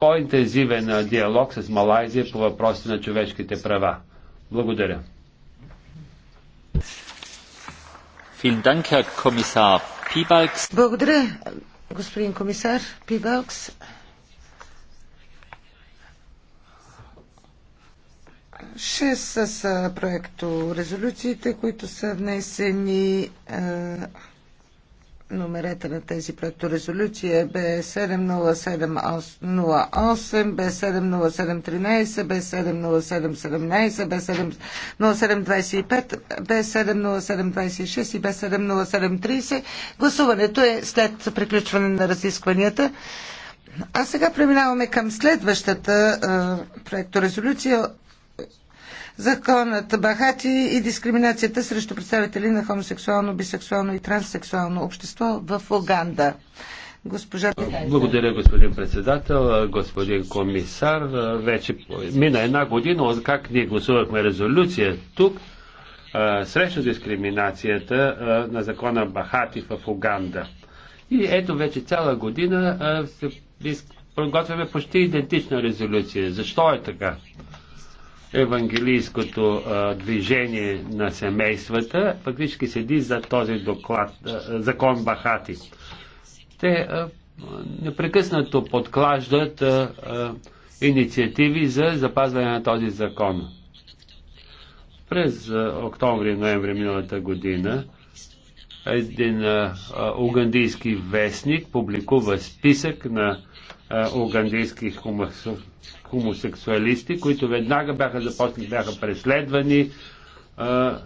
по-интензивен диалог с Малайзия по въпроси на човешките права. Благодаря. Благодаря, господин комисар Пибалкс. Шест с проекто резолюциите, които са внесени номерата на тези проекторезолюции е B70708, б 70713 б 70717 б 70725 б 70726 и B70730. Гласуването е след приключване на разискванията. А сега преминаваме към следващата проекторезолюция законът Бахати и дискриминацията срещу представители на хомосексуално, бисексуално и транссексуално общество в Уганда. Госпожа... Благодаря, господин председател, господин комисар. Вече мина една година, от как ние гласувахме резолюция тук срещу дискриминацията на закона Бахати в Уганда. И ето вече цяла година се подготвяме почти идентична резолюция. Защо е така? евангелийското а, движение на семействата, фактически седи за този доклад, а, закон Бахати. Те а, непрекъснато подклаждат а, а, инициативи за запазване на този закон. През октомври-ноември миналата година един а, угандийски вестник публикува списък на а, угандийски хомосексуалисти хомосексуалисти, които веднага бяха започнали, бяха преследвани а,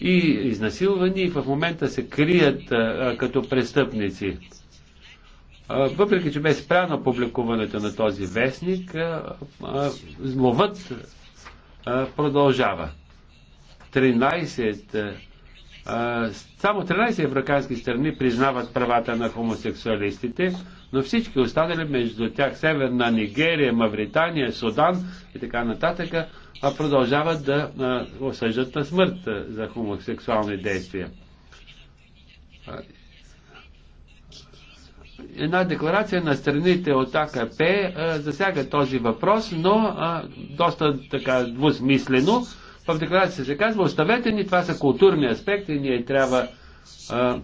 и изнасилвани и в момента се крият а, като престъпници. А, въпреки, че бе спряно публикуването на този вестник, а, а, зловът а, продължава. 13 а, само 13 африкански страни признават правата на хомосексуалистите но всички останали между тях Северна Нигерия, Мавритания, Судан и така нататък продължават да осъждат на смърт за хомосексуални действия. Една декларация на страните от АКП засяга този въпрос, но доста така двусмислено. В декларацията се казва, оставете ни, това са културни аспекти, ние трябва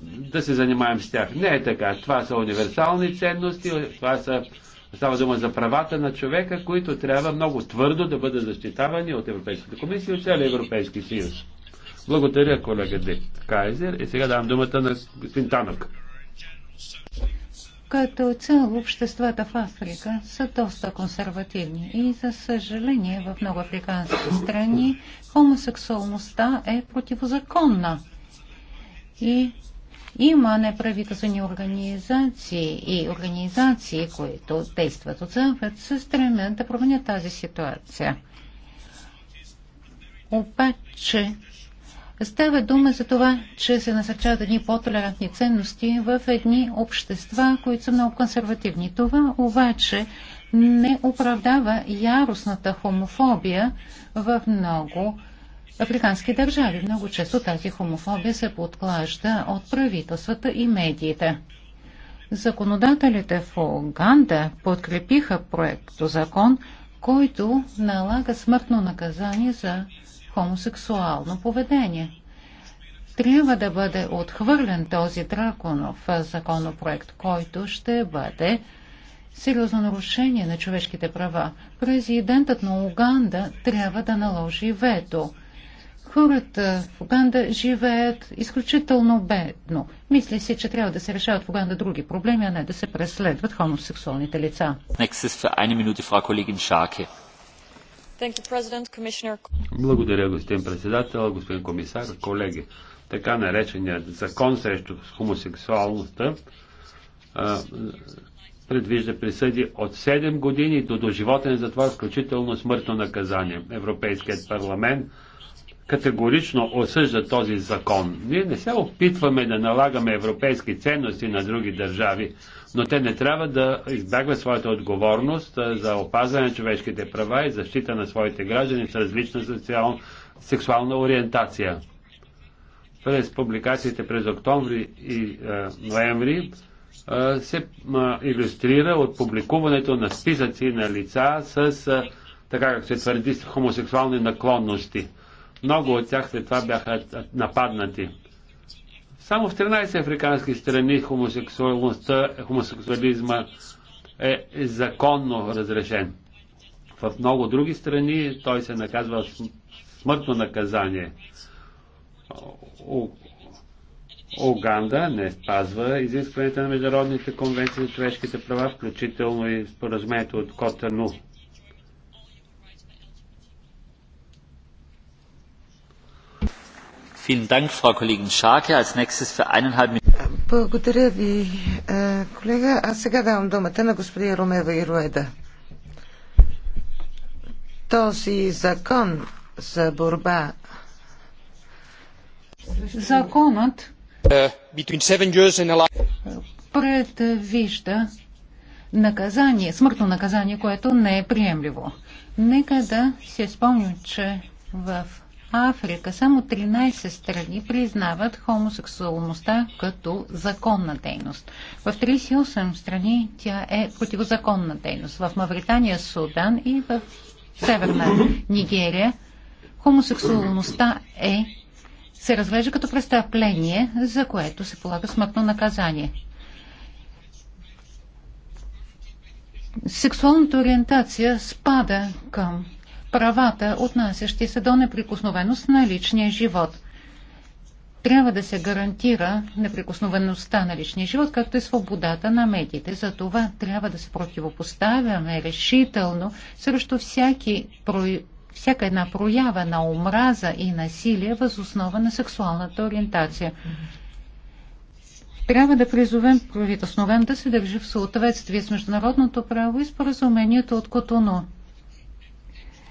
да се занимаем с тях. Не е така. Това са универсални ценности, това са, става дума за правата на човека, които трябва много твърдо да бъдат защитавани от Европейската комисия и от целия Европейски съюз. Благодаря, колега Де Кайзер. И сега давам думата на господин Танък. Като цяло обществата в Африка са доста консервативни и за съжаление в много африкански страни хомосексуалността е противозаконна. И има неправителствени организации и организации, които действат от Запад, се стремят да променят тази ситуация. Обаче става дума за това, че се насърчават едни по-толерантни ценности в едни общества, които са много консервативни. Това обаче не оправдава яростната хомофобия в много африкански държави. Много често тази хомофобия се подклажда от правителствата и медиите. Законодателите в Уганда подкрепиха проекто закон, който налага смъртно наказание за хомосексуално поведение. Трябва да бъде отхвърлен този драконов законопроект, който ще бъде сериозно нарушение на човешките права. Президентът на Уганда трябва да наложи вето – Хората в Уганда живеят изключително бедно. Мисли си, че трябва да се решават в Уганда други проблеми, а не да се преследват хомосексуалните лица. Благодаря, господин председател, господин комисар, колеги. Така нареченият закон срещу хомосексуалността а, предвижда присъди от 7 години до доживотен затвор, включително смъртно наказание. Европейският парламент категорично осъжда този закон. Ние не се опитваме да налагаме европейски ценности на други държави, но те не трябва да избягват своята отговорност за опазване на човешките права и защита на своите граждани с различна социал... сексуална ориентация. През публикациите през октомври и е, ноември е, се е, иллюстрира от публикуването на списъци на лица с, е, така как се твърди, хомосексуални наклонности – много от тях след това бяха нападнати. Само в 13 африкански страни хомосексуалността, хомосексуализма е законно разрешен. В много други страни той се наказва смъртно наказание. Оганда не спазва изискванията на международните конвенции за човешките права, включително и споразумението от Котану. Благодаря ви, е, колега. А сега давам думата на господин Ромева и Руеда. Този закон за борба Законът е, предвижда наказание, смъртно наказание, което не е приемливо. Нека да се спомня, че в Африка само 13 страни признават хомосексуалността като законна дейност. В 38 страни тя е противозаконна дейност. В Мавритания, Судан и в Северна Нигерия хомосексуалността е се разглежда като престъпление, за което се полага смъртно наказание. Сексуалната ориентация спада към правата, отнасящи се до неприкосновеност на личния живот. Трябва да се гарантира неприкосновеността на личния живот, както и свободата на медиите. За това трябва да се противопоставяме решително срещу всяки всяка една проява на омраза и насилие въз основа на сексуалната ориентация. Трябва да призовем правителството да се държи в съответствие с международното право и споразумението от Котоно.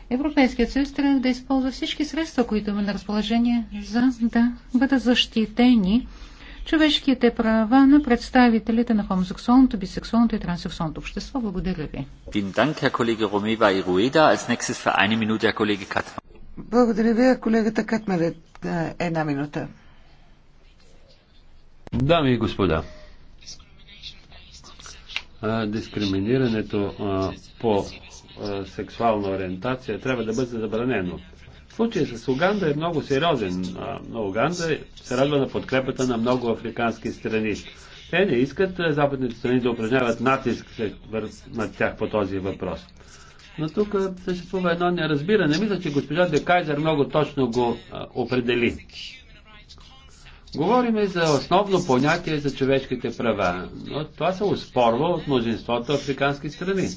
Европейският съюз трябва да използва всички средства, които има на разположение, за да бъдат защитени човешките права на представителите на хомосексуалното, бисексуалното и транссексуалното общество. Благодаря ви. Благодаря ви, колегата Катмер. Е, една минута. Дами и господа, дискриминирането по е, сексуална ориентация трябва да бъде забранено. Случай с Уганда е много сериозен. Но Уганда се радва на подкрепата на много африкански страни. Те не искат западните страни да упражняват натиск над тях по този въпрос. Но тук съществува едно неразбиране. Мисля, че госпожа Декайзер много точно го определи. Говориме за основно понятие за човешките права, но това се успорва от мнозинството африкански страни.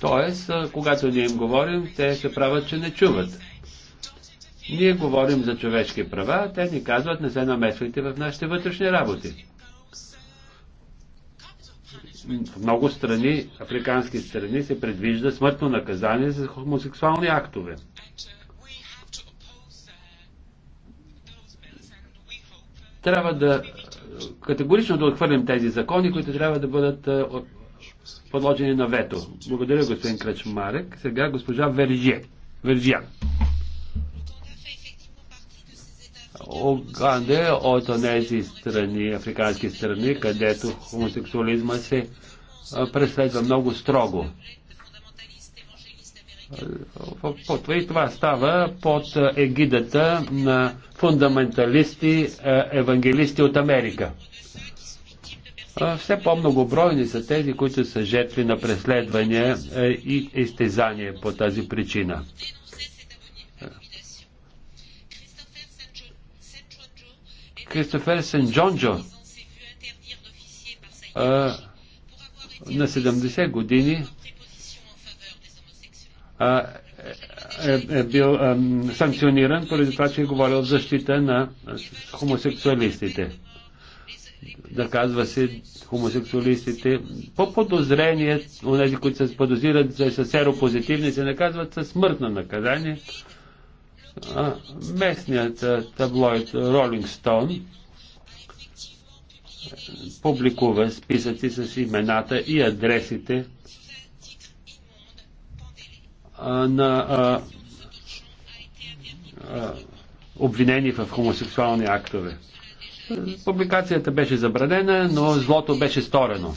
Тоест, когато ние им говорим, те се правят, че не чуват. Ние говорим за човешки права, те ни казват, не се намесвайте в нашите вътрешни работи. В много страни, африкански страни, се предвижда смъртно наказание за хомосексуални актове. Трябва да категорично да отхвърлим тези закони, които трябва да бъдат подложени на вето. Благодаря, господин Крачмарек. Сега госпожа Вержия. Вержия. Оганда е от тези страни, африкански страни, където хомосексуализма се преследва много строго. И това става под егидата на фундаменталисти евангелисти от Америка все по-многобройни са тези, които са жертви на преследвания е, и изтезания по тази причина. Кристофер Сен-Джонджо на 70 години а, е, е, е бил а, санкциониран поради това, че е говорил в защита на хомосексуалистите. Да казва се хомосексуалистите. По подозрение, онези, които се подозират, че са серопозитивни, се наказват със смъртно наказание. А, местният таблоид Rolling Stone публикува списъци с имената и адресите на а, а, обвинени в хомосексуални актове. Публикацията беше забранена, но злото беше сторено.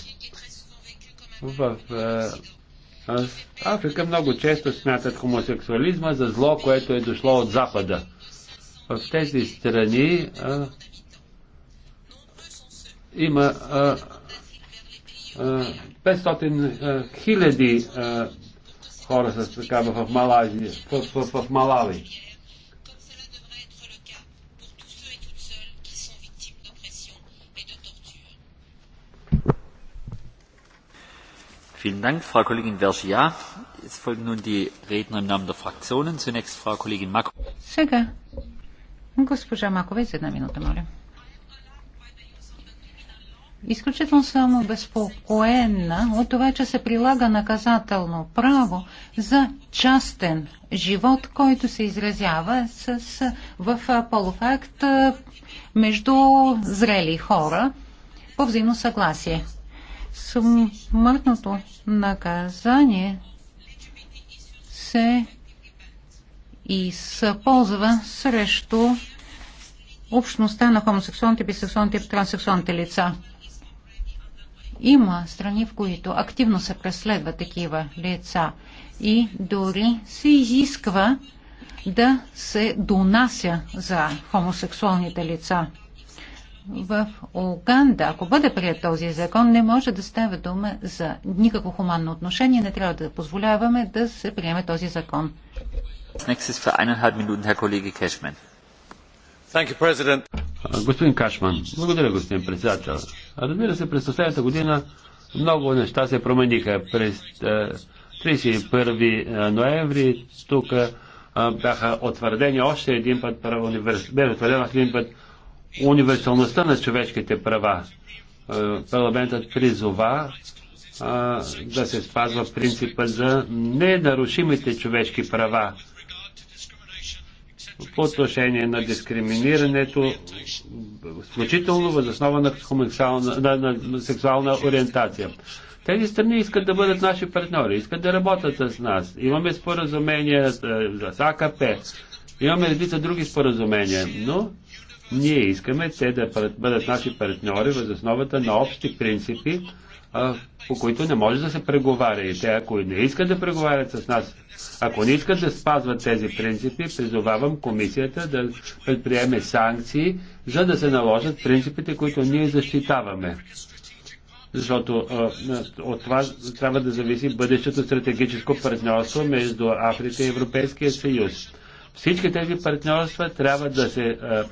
В е, Африка много често смятат хомосексуализма за зло, което е дошло от Запада. В тези страни а, е, има а, а, 500 хиляди е, хора с такава в, Малази, в, в, в Малави. Vielen Dank, Frau Kollegin Jetzt folgen nun die Redner im Namen der Fraktionen. Zunächst Frau Kollegin Mako. Сега, госпожа Макове, за една минута, моля. Изключително съм обезпокоена от това, че се прилага наказателно право за частен живот, който се изразява с, с, в полуфакт между зрели хора по взаимно съгласие смъртното наказание се използва срещу общността на хомосексуалните, бисексуалните и трансексуалните лица. Има страни, в които активно се преследва такива лица и дори се изисква да се донася за хомосексуалните лица в Уганда, ако бъде прият този закон, не може да става дума за никакво хуманно отношение. Не трябва да позволяваме да се приеме този закон. Господин Кашман, благодаря, господин председател. Разбира се, през последната година много неща се промениха. През 31 е, е, ноември тук е, бяха утвърдени още един път, бе отвърден още един път универсалността на човешките права. Е, парламентът призова да се спазва принципа за ненарушимите човешки права по отношение на дискриминирането, включително възоснова на, на, на сексуална ориентация. Тези страни искат да бъдат наши партньори, искат да работят с нас. Имаме споразумения за е, АКП, имаме редица други споразумения, но ние искаме те да бъдат наши партньори въз основата на общи принципи, по които не може да се преговаря. И те, ако не искат да преговарят с нас, ако не искат да спазват тези принципи, призовавам комисията да предприеме санкции, за да се наложат принципите, които ние защитаваме. Защото а, от това трябва да зависи бъдещето стратегическо партньорство между Африка и Европейския съюз. Всички тези партньорства трябва да се а,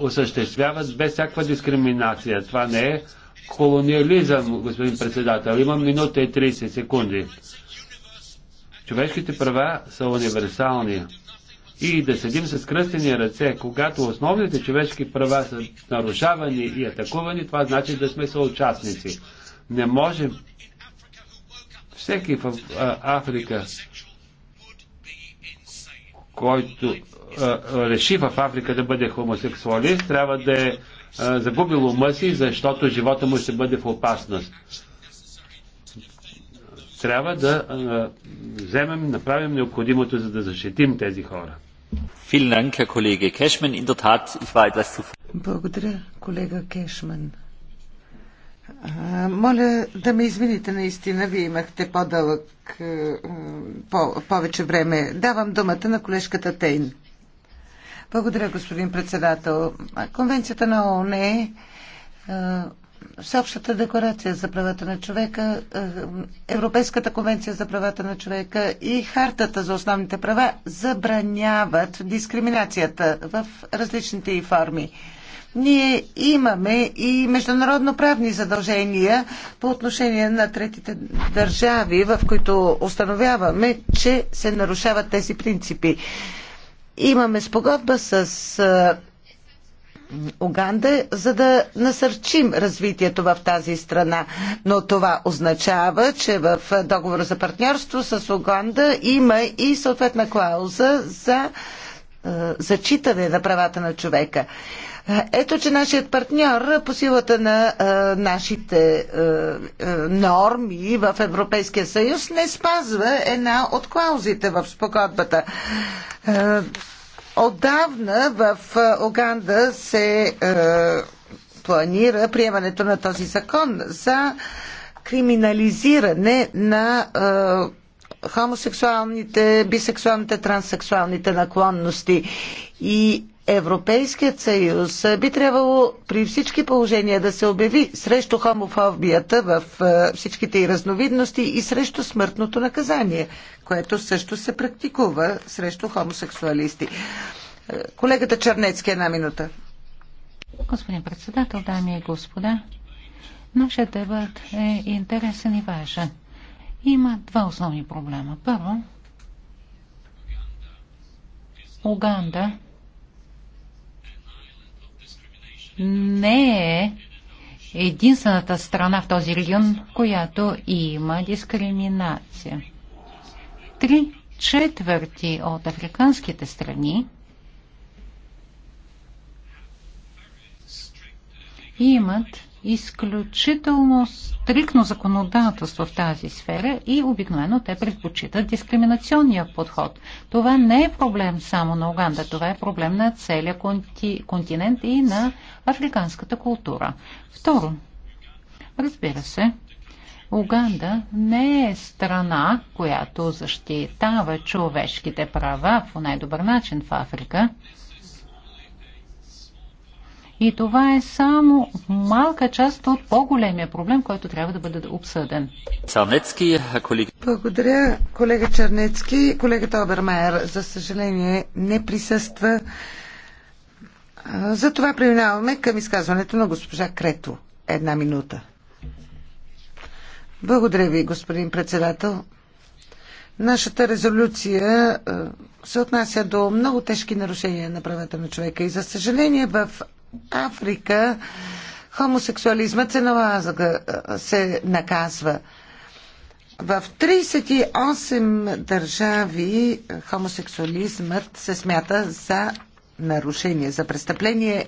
осъществяват без всякаква дискриминация. Това не е колониализъм, господин председател. Имам минута и 30 секунди. Човешките права са универсални. И да седим с кръстени ръце, когато основните човешки права са нарушавани и атакувани, това значи да сме съучастници. Не можем всеки в Африка, който реши в Африка да бъде хомосексуалист, трябва да е загубил ума си, защото живота му ще бъде в опасност. Трябва да вземем, направим необходимото, за да защитим тези хора. Благодаря, колега Кешман. Моля да ме извините, наистина, вие имахте по-дълъг, по- повече време. Давам думата на колежката Тейн. Благодаря, господин председател. Конвенцията на ООН е, е Всеобщата декларация за правата на човека, е, Европейската конвенция за правата на човека и Хартата за основните права забраняват дискриминацията в различните й форми. Ние имаме и международно правни задължения по отношение на третите държави, в които установяваме, че се нарушават тези принципи. Имаме спогодба с Уганда, за да насърчим развитието в тази страна. Но това означава, че в договора за партньорство с Уганда има и съответна клауза за е, зачитане на правата на човека. Е, ето, че нашият партньор по силата на а, е, нашите а, норми в Европейския съюз не спазва една от клаузите в спогодбата. отдавна в Оганда се а, планира приемането на този закон за криминализиране на а, хомосексуалните, бисексуалните, транссексуалните наклонности. И Европейският съюз би трябвало при всички положения да се обяви срещу хомофобията в е, всичките и разновидности и срещу смъртното наказание, което също се практикува срещу хомосексуалисти. Е, колегата Чернецки, една минута. Господин председател, дами и господа, нашия дебат е интересен и важен. Има два основни проблема. Първо, Уганда не е единствената страна в този регион, която има дискриминация. Три четвърти от африканските страни имат изключително стрикно законодателство в тази сфера и обикновено те предпочитат дискриминационния подход. Това не е проблем само на Уганда, това е проблем на целия конти, континент и на африканската култура. Второ, разбира се, Уганда не е страна, която защитава човешките права по най-добър начин в Африка. И това е само малка част от по-големия проблем, който трябва да бъде обсъден. Благодаря, колега Чернецки. Колегата Обермайер, за съжаление, не присъства. За това преминаваме към изказването на госпожа Крето. Една минута. Благодаря ви, господин председател. Нашата резолюция е, се отнася до много тежки нарушения на правата на човека и за съжаление в Африка хомосексуализмът се, налага, е, се наказва. В 38 държави е, хомосексуализмът се смята за нарушение, за престъпление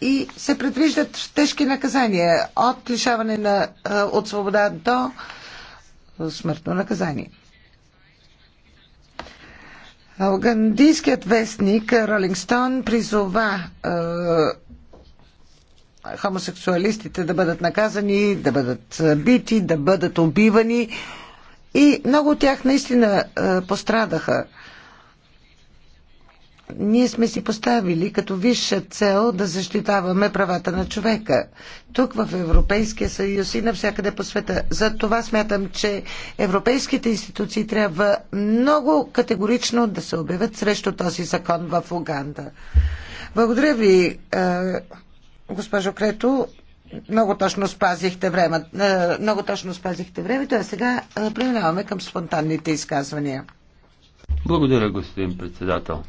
и се предвиждат тежки наказания от лишаване на, от свобода до смъртно наказание. Угандийският вестник Ролинг Стоун призова е, хомосексуалистите да бъдат наказани, да бъдат бити, да бъдат убивани и много от тях наистина е, пострадаха ние сме си поставили като висша цел да защитаваме правата на човека. Тук в Европейския съюз и навсякъде по света. За това смятам, че европейските институции трябва много категорично да се обявят срещу този закон в Уганда. Благодаря ви, е, госпожо Крето. Много точно спазихте време. Е, много точно спазихте времето, а сега е, преминаваме към спонтанните изказвания. Благодаря, господин председател.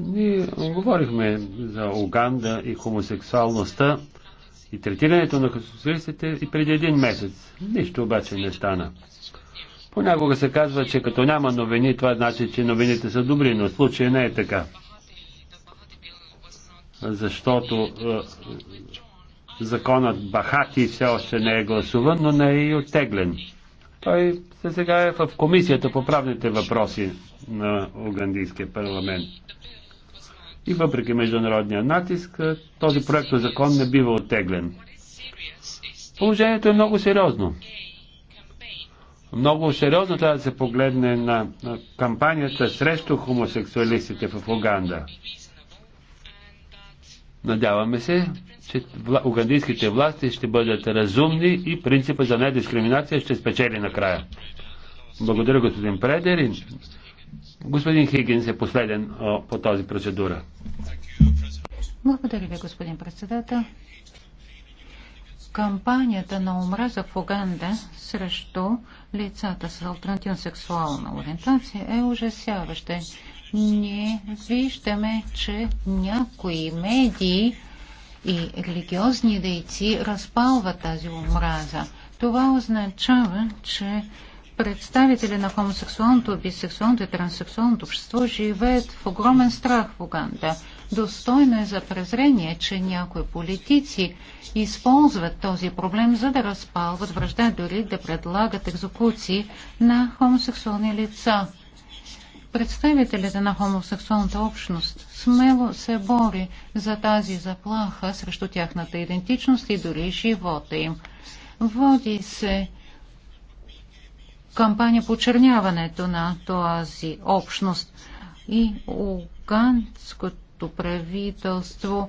Ние говорихме за Уганда и хомосексуалността и третирането на хомосексуалистите и преди един месец. Нищо обаче не стана. Понякога се казва, че като няма новини, това значи, че новините са добри, но случай случая не е така. Защото е, законът Бахати все още не е гласуван, но не е и оттеглен. Той сега е в комисията по правните въпроси на Угандийския парламент и въпреки международния натиск, този проект на закон не бива оттеглен. Положението е много сериозно. Много сериозно трябва да се погледне на кампанията срещу хомосексуалистите в Уганда. Надяваме се, че угандийските власти ще бъдат разумни и принципа за недискриминация ще спечели накрая. Благодаря, господин Предер. Господин Хигинс е последен по тази процедура. Благодаря ви, господин председател. Кампанията на омраза в Уганда срещу лицата с альтернативна сексуална ориентация е ужасяваща. Ние виждаме, че някои медии и религиозни дейци разпалват тази омраза. Това означава, че Представители на хомосексуалното, бисексуалното и транссексуалното общество живеят в огромен страх в Уганда. Достойно е за презрение, че някои политици използват този проблем, за да разпалват връжда, дори да предлагат екзекуции на хомосексуални лица. Представителите на хомосексуалната общност смело се бори за тази заплаха срещу тяхната идентичност и дори живота им. Води се кампания по черняването на тази общност. И уганското правителство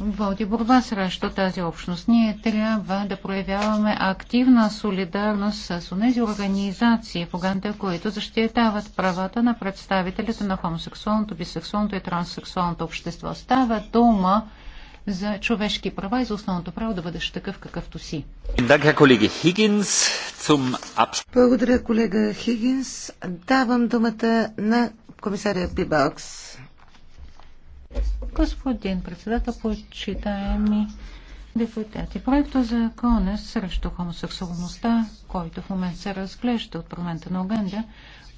води борба срещу тази общност. Ние трябва да проявяваме активна солидарност с тези организации в Уганда, които защитават правата на представителите на хомосексуалното, бисексуалното и транссексуалното общество. Става дума за човешки права и за основното право да бъдеш такъв какъвто си. Благодаря, колега Хигинс. Давам думата на комисария Пибалкс. Господин председател, почитаеми депутати. за закона срещу хомосексуалността, който в момент се разглежда от парламента на Оганда,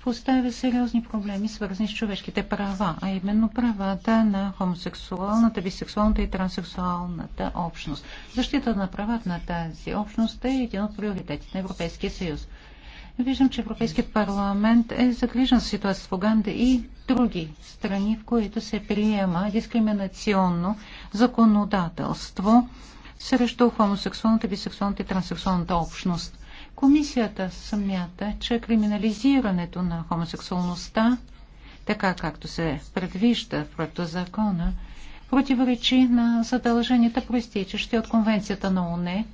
поставя сериозни проблеми, свързани с човешките права, а именно правата на хомосексуалната, бисексуалната и транссексуалната общност. Защита на правата на тази общност е един от приоритетите на Европейския съюз. Виждам, че Европейският парламент е загрижен с ситуацията в Уганда и други страни, в които се приема дискриминационно законодателство срещу хомосексуалната, бисексуалната и транссексуалната общност. Комисията смята, че криминализирането на хомосексуалността, така както се предвижда в проекта закона, противоречи на задълженията, проистичащи от Конвенцията на ОНЕ,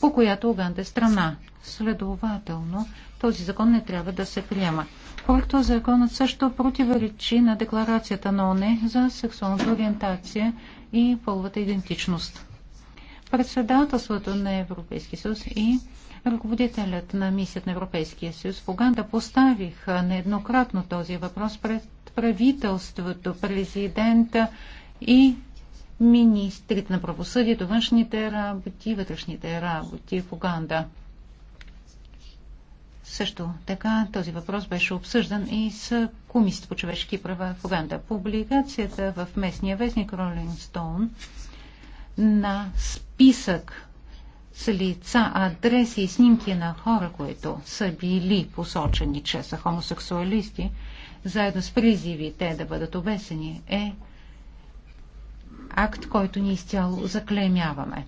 по която Уганда е страна. Следователно, този закон не трябва да се приема. Проектът законът също противоречи на декларацията на ОНЕ за сексуалната ориентация и половата идентичност. Председателството на Европейски съюз и Ръководителят на мисията на Европейския съюз в Уганда поставиха нееднократно този въпрос пред правителството, президента и министрите на правосъдието, външните работи, вътрешните работи в Уганда. Също така този въпрос беше обсъждан и с Комисията по човешки права в Уганда. Публикацията в местния вестник Ролинг Стоун на списък с лица, адреси и снимки на хора, които са били посочени, че са хомосексуалисти, заедно с призиви те да бъдат обесени, е акт, който ни изцяло заклеймяваме.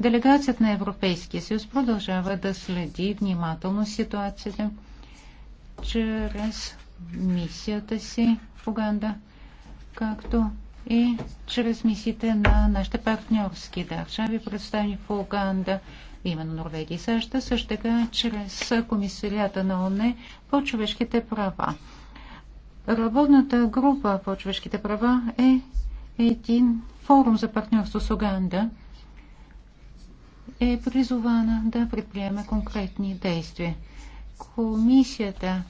Делегацията на Европейския съюз продължава да следи внимателно ситуацията чрез мисията си в Уганда, както и чрез мисиите на нашите партньорски държави, представени в Уганда, именно Норвегия и САЩ, също така чрез комисарията на ОНЕ по човешките права. Работната група по човешките права е един форум за партньорство с Уганда е призована да предприеме конкретни действия. Комисията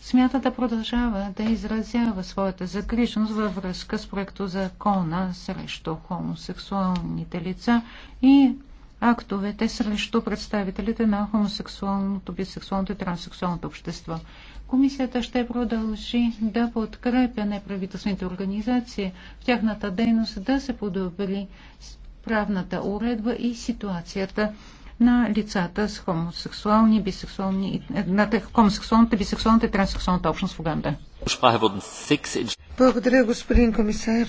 смята да продължава да изразява своята загриженост във връзка с проекто закона срещу хомосексуалните лица и актовете срещу представителите на хомосексуалното, бисексуалното и транссексуалното общество. Комисията ще продължи да подкрепя неправителствените организации в тяхната дейност да се подобри правната уредба и ситуацията на лицата с хомосексуални, бисексуални, на хомосексуалната, бисексуалната и транссексуалната общност в Уганда. Благодаря, господин комисар.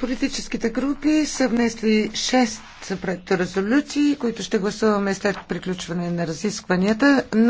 Политическите групи са внесли 6 резолюции, които ще гласуваме след приключване на разискванията, но